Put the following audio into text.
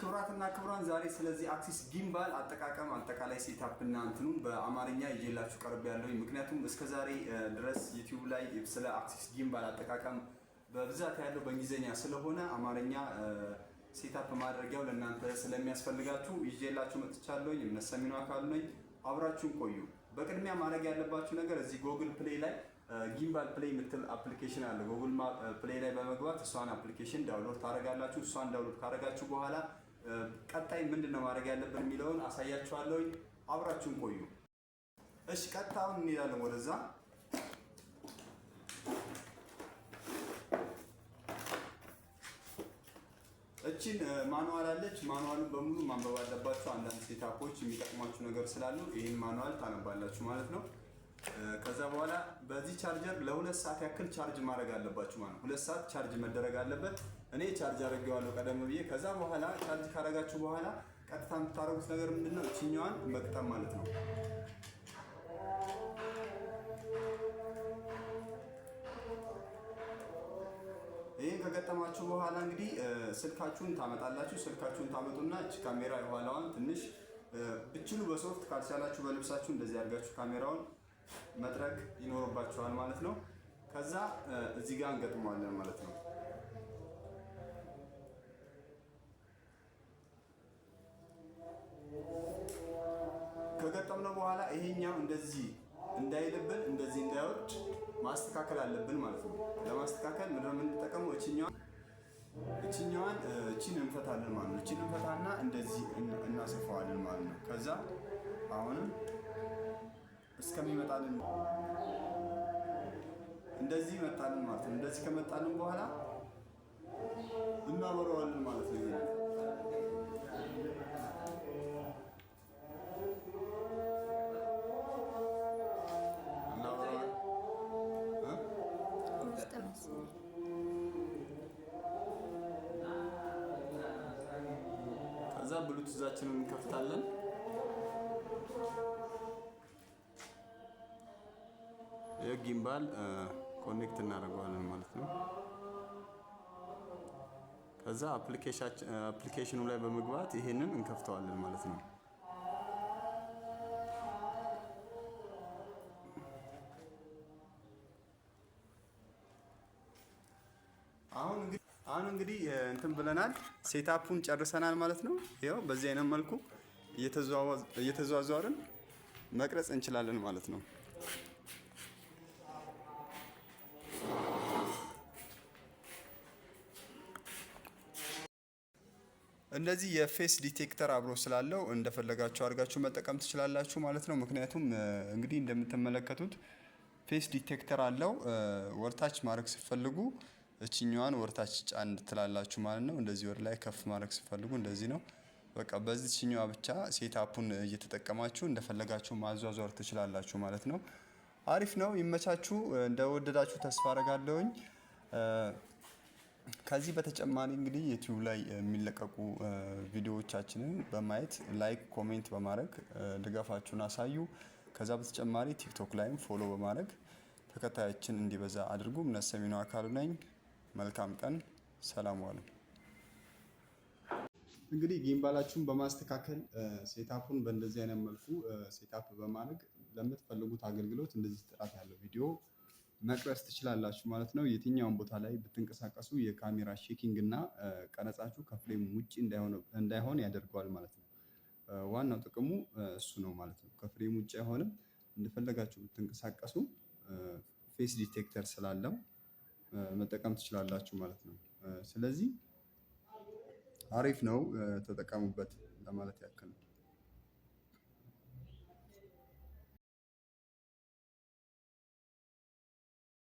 ክብራትና ክብራን ዛሬ ስለዚህ አክሲስ ጊምባል አጠቃቀም አጠቃላይ እና እንትኑን በአማርኛ ይዤላችሁ ቀርብ ያለው ምክንያቱም እስከ ዛሬ ድረስ ዩቲዩብ ላይ ስለ አክሲስ ጊምባል አጠቃቀም በብዛት ያለው በእንግሊዝኛ ስለሆነ አማርኛ ሴታፕ ማድረጊያው ለእናንተ ስለሚያስፈልጋችሁ ይዤላችሁ መጥቻለሁኝ። እምነሰሚኑ አካሉ ነኝ። አብራችሁን ቆዩ። በቅድሚያ ማድረግ ያለባችሁ ነገር እዚህ ጎግል ፕሌይ ላይ ጊምባል ፕሌይ የምትል አፕሊኬሽን አለ። ጉግል ፕሌይ ላይ በመግባት እሷን አፕሊኬሽን ዳውንሎድ ታደርጋላችሁ። እሷን ዳውንሎድ ካደረጋችሁ በኋላ ቀጣይ ምንድን ነው ማድረግ ያለብን የሚለውን አሳያችኋለሁ። አብራችሁን ቆዩ። እሺ፣ ቀጥታውን እንሄዳለን ወደዛ። እቺን ማኑዋል አለች። ማኑዋሉን በሙሉ ማንበብ አለባችሁ። አንዳንድ ሴታፖች የሚጠቅሟችሁ ነገር ስላሉ ይህን ማኑዋል ታነባላችሁ ማለት ነው። ከዛ በኋላ በዚህ ቻርጀር ለሁለት ሰዓት ያክል ቻርጅ ማድረግ አለባችሁ ማለት ነው። ሁለት ሰዓት ቻርጅ መደረግ አለበት። እኔ ቻርጅ አደርገዋለሁ ቀደም ብዬ። ከዛ በኋላ ቻርጅ ካረጋችሁ በኋላ ቀጥታ የምታደርጉት ነገር ምንድነው? እችኛዋን መቅጠም ማለት ነው። ይህን ከገጠማችሁ በኋላ እንግዲህ ስልካችሁን ታመጣላችሁ። ስልካችሁን ታመጡና እች ካሜራ የኋላዋን ትንሽ ብችሉ በሶፍት ካልቻላችሁ በልብሳችሁ እንደዚህ አድርጋችሁ ካሜራውን መጥረግ ይኖርባችኋል ማለት ነው። ከዛ እዚህ ጋር እንገጥመዋለን ማለት ነው። እንደዚህ እንዳይልብን እንደዚህ እንዳይወርድ ማስተካከል አለብን ማለት ነው። ለማስተካከል ምንድን የምንጠቀመው? እችኛዋን እችኛዋን እቺን እንፈታለን ማለት ነው። እቺን እንፈታና እንደዚህ እናሰፋዋለን ማለት ነው። ከዛ አሁንም እስከሚመጣልን እንደዚህ ይመጣልን ማለት ነው። እንደዚህ ከመጣልን በኋላ እናበረዋለን ማለት ነው። Dios. ከዛ ብሉቱዛችንን እንከፍታለን። የጊምባል ኮኔክት እናደርገዋለን ማለት ነው። ከዛ አፕሊኬሽኑ ላይ በመግባት ይሄንን እንከፍተዋለን ማለት ነው። አሁን እንግዲህ እንትን ብለናል፣ ሴታፑን ጨርሰናል ማለት ነው። ያው በዚህ አይነት መልኩ እየተዘዋወርን መቅረጽ እንችላለን ማለት ነው። እንደዚህ የፌስ ዲቴክተር አብሮ ስላለው እንደፈለጋችሁ አድርጋችሁ መጠቀም ትችላላችሁ ማለት ነው። ምክንያቱም እንግዲህ እንደምትመለከቱት ፌስ ዲቴክተር አለው። ወርታች ማድረግ ስትፈልጉ እችኛዋን ወርታች ጫን ትላላችሁ ማለት ነው። እንደዚህ ወር ላይ ከፍ ማድረግ ስትፈልጉ እንደዚህ ነው። በቃ በዚህ ችኛዋ ብቻ ሴት አፑን እየተጠቀማችሁ እንደፈለጋችሁ ማዟዟር ትችላላችሁ ማለት ነው። አሪፍ ነው። ይመቻችሁ። እንደወደዳችሁ ተስፋ አረጋለሁኝ። ከዚህ በተጨማሪ እንግዲህ ዩቲዩብ ላይ የሚለቀቁ ቪዲዮዎቻችንን በማየት ላይክ፣ ኮሜንት በማድረግ ድጋፋችሁን አሳዩ። ከዛ በተጨማሪ ቲክቶክ ላይም ፎሎ በማድረግ ተከታዮችን እንዲበዛ አድርጉ። እምነት ሰሚነው አካሉ ነኝ። መልካም ቀን፣ ሰላም ዋሉ። እንግዲህ ጊምባላችሁን በማስተካከል ሴታፑን በእንደዚህ አይነት መልኩ ሴታፕ በማድረግ ለምትፈልጉት አገልግሎት እንደዚህ ጥራት ያለው ቪዲዮ መቅረጽ ትችላላችሁ ማለት ነው። የትኛውን ቦታ ላይ ብትንቀሳቀሱ የካሜራ ሼኪንግ እና ቀረጻችሁ ከፍሬም ውጭ እንዳይሆን ያደርገዋል ማለት ነው። ዋናው ጥቅሙ እሱ ነው ማለት ነው። ከፍሬም ውጭ አይሆንም። እንደፈለጋችሁ ብትንቀሳቀሱ ፌስ ዲቴክተር ስላለው መጠቀም ትችላላችሁ ማለት ነው። ስለዚህ አሪፍ ነው፣ ተጠቀሙበት ለማለት ያክል ነው።